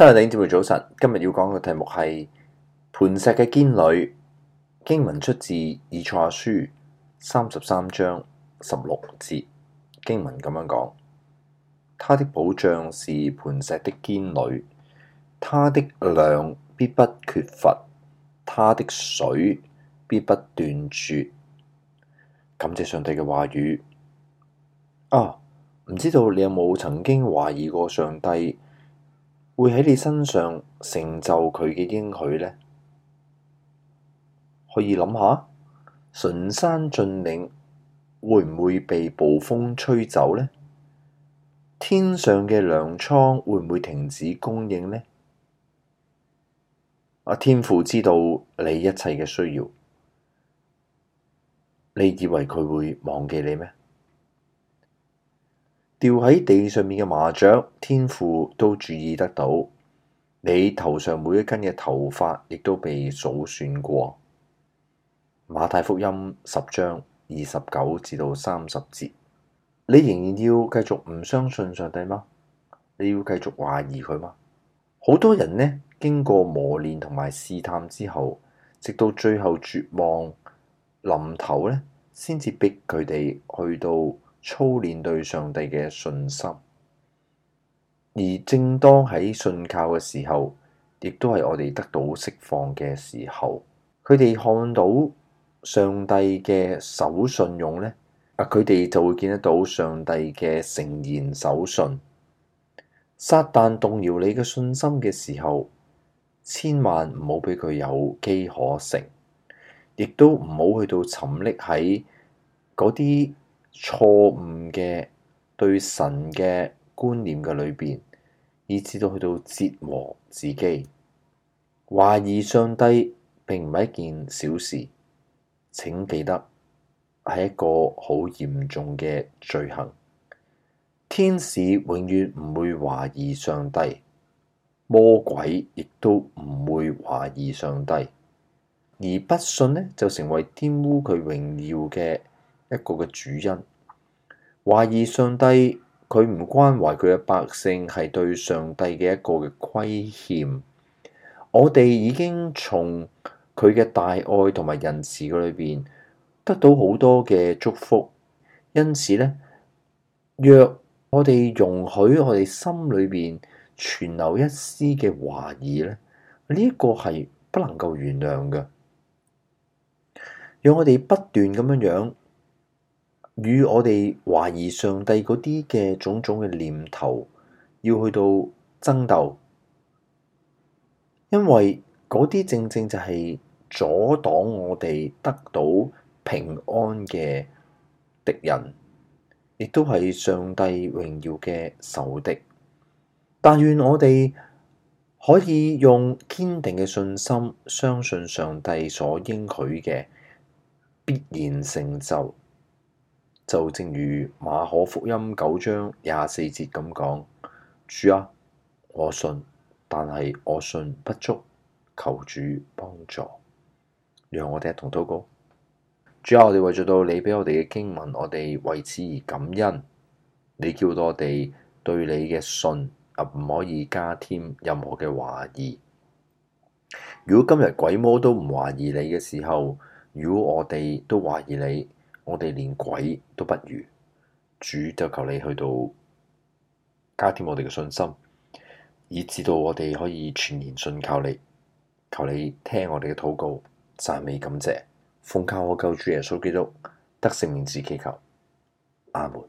真係，頂住！各位早晨，今日要講嘅題目係「磐石嘅堅壘」。經文出自以賽亞書三十三章十六節。經文咁樣講：「他的保障是磐石的堅壘，他的糧必不缺乏，他的水必不斷絕。感謝上帝嘅話語。啊，唔知道你有冇曾經懷疑過上帝？會喺你身上成就佢嘅應許呢？可以諗下，崇山峻嶺會唔會被暴風吹走呢？天上嘅糧倉會唔會停止供應呢？阿天父知道你一切嘅需要，你以為佢會忘記你咩？掉喺地上面嘅麻雀，天父都注意得到；你頭上每一根嘅頭髮，亦都被數算過。馬太福音十章二十九至到三十節。你仍然要繼續唔相信上帝嗎？你要繼續懷疑佢嗎？好多人咧，經過磨練同埋試探之後，直到最後絕望臨頭咧，先至逼佢哋去到。操練對上帝嘅信心，而正當喺信靠嘅時候，亦都係我哋得到釋放嘅時候。佢哋看到上帝嘅守信用呢，啊，佢哋就會見得到上帝嘅誠然守信。撒旦動搖你嘅信心嘅時候，千萬唔好俾佢有機可乘，亦都唔好去到沉溺喺嗰啲。錯誤嘅對神嘅觀念嘅裏邊，以至到去到折磨自己，懷疑上帝並唔係一件小事，請記得係一個好嚴重嘅罪行。天使永遠唔會懷疑上帝，魔鬼亦都唔會懷疑上帝，而不信呢，就成為玷污佢榮耀嘅。一個嘅主因，懷疑上帝佢唔關懷佢嘅百姓，係對上帝嘅一個嘅虧欠。我哋已經從佢嘅大愛同埋仁慈嘅裏邊得到好多嘅祝福，因此呢，若我哋容許我哋心裏邊存留一絲嘅懷疑咧，呢、這、一個係不能夠原諒嘅。讓我哋不斷咁樣樣，與我哋懷疑上帝嗰啲嘅種種嘅念頭，要去到爭鬥，因為嗰啲正正就係阻擋我哋得到平安嘅敵人，亦都係上帝榮耀嘅仇敵。但願我哋可以用堅定嘅信心，相信上帝所應許嘅必然成就。就正如馬可福音九章廿四節咁講，主啊，我信，但係我信不足，求主幫助，讓我哋一同禱告。主啊，我哋為着到你畀我哋嘅經文，我哋為此而感恩。你叫到我哋對你嘅信啊，唔可以加添任何嘅懷疑。如果今日鬼魔都唔懷疑你嘅時候，如果我哋都懷疑你，我哋連鬼都不如，主就求你去到加添我哋嘅信心，以至到我哋可以全然信靠你，求你聽我哋嘅禱告，讚美感謝，奉靠我救主耶穌基督，得聖名字祈求，阿門。